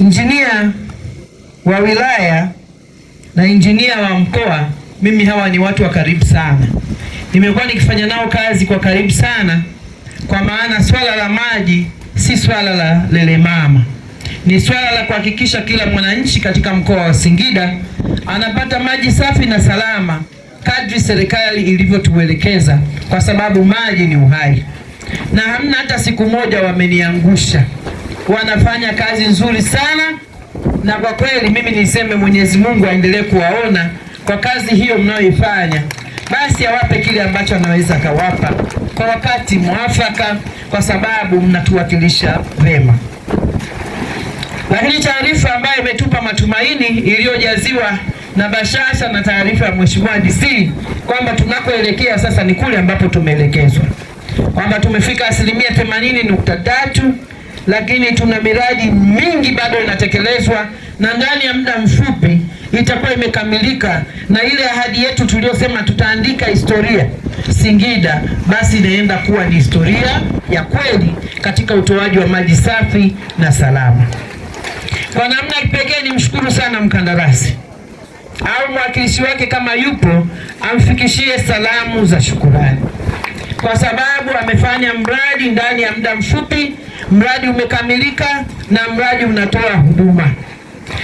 injinia wa wilaya na injinia wa mkoa, mimi hawa ni watu wa karibu sana, nimekuwa nikifanya nao kazi kwa karibu sana, kwa maana swala la maji si swala la lelemama, ni swala la kuhakikisha kila mwananchi katika mkoa wa Singida anapata maji safi na salama kadri serikali ilivyotuelekeza, kwa sababu maji ni uhai, na hamna hata siku moja wameniangusha wanafanya kazi nzuri sana, na kwa kweli mimi niseme Mwenyezi Mungu aendelee kuwaona kwa kazi hiyo mnayoifanya, basi awape kile ambacho anaweza akawapa kwa wakati mwafaka, kwa sababu mnatuwakilisha vema. Lakini taarifa ambayo imetupa matumaini iliyojaziwa na bashasha na taarifa ya Mheshimiwa DC kwamba tunakoelekea sasa ni kule ambapo tumeelekezwa kwamba tumefika asilimia themanini nukta tatu lakini tuna miradi mingi bado inatekelezwa na ndani ya muda mfupi itakuwa imekamilika, na ile ahadi yetu tuliyosema tutaandika historia Singida, basi inaenda kuwa ni historia ya kweli katika utoaji wa maji safi na salama. Kwa namna kipekee nimshukuru sana mkandarasi au mwakilishi wake kama yupo, amfikishie salamu za shukurani kwa sababu amefanya mradi ndani ya muda mfupi mradi umekamilika na mradi unatoa huduma,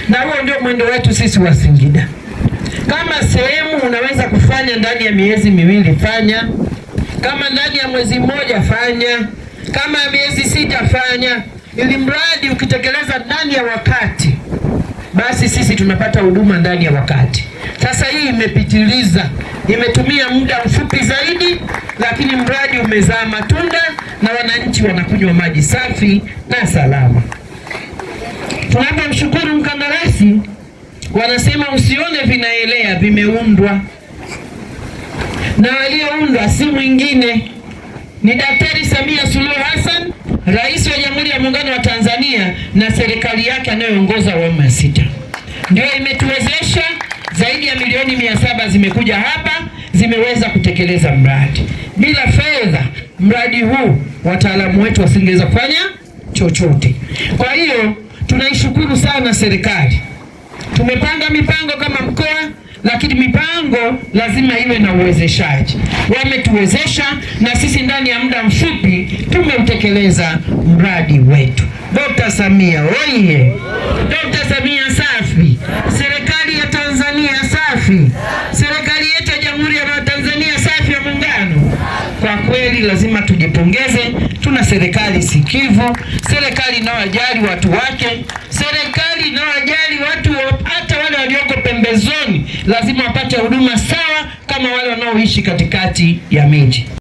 na huo ndio mwendo wetu sisi wa Singida. Kama sehemu unaweza kufanya ndani ya miezi miwili, fanya. Kama ndani ya mwezi mmoja, fanya. Kama miezi sita, fanya, ili mradi ukitekeleza ndani ya wakati, basi sisi tunapata huduma ndani ya wakati. Sasa hii imepitiliza, imetumia muda mfupi zaidi, lakini mradi umezaa matunda na wananchi wanakunywa maji safi na salama. Tunapomshukuru mkandarasi, wanasema usione vinaelea, vimeundwa na aliyeundwa si mwingine ni Daktari Samia Suluhu Hassan, rais wa Jamhuri ya Muungano wa Tanzania na serikali yake anayoongoza awamu ya sita, ndio imetuwezesha zaidi ya milioni mia saba zimekuja hapa zimeweza kutekeleza mradi bila fedha mradi huu wataalamu wetu wasingeweza kufanya chochote. Kwa hiyo tunaishukuru sana serikali. Tumepanga mipango kama mkoa, lakini mipango lazima iwe na uwezeshaji. Wametuwezesha na sisi ndani ya muda mfupi tumeutekeleza mradi wetu. Dkt. Samia oye! Dkt. serikali lazima tujipongeze. Tuna serikali sikivu, serikali inayojali watu wake, serikali inayojali watu, hata wale walioko pembezoni lazima wapate huduma sawa kama wale wanaoishi katikati ya miji.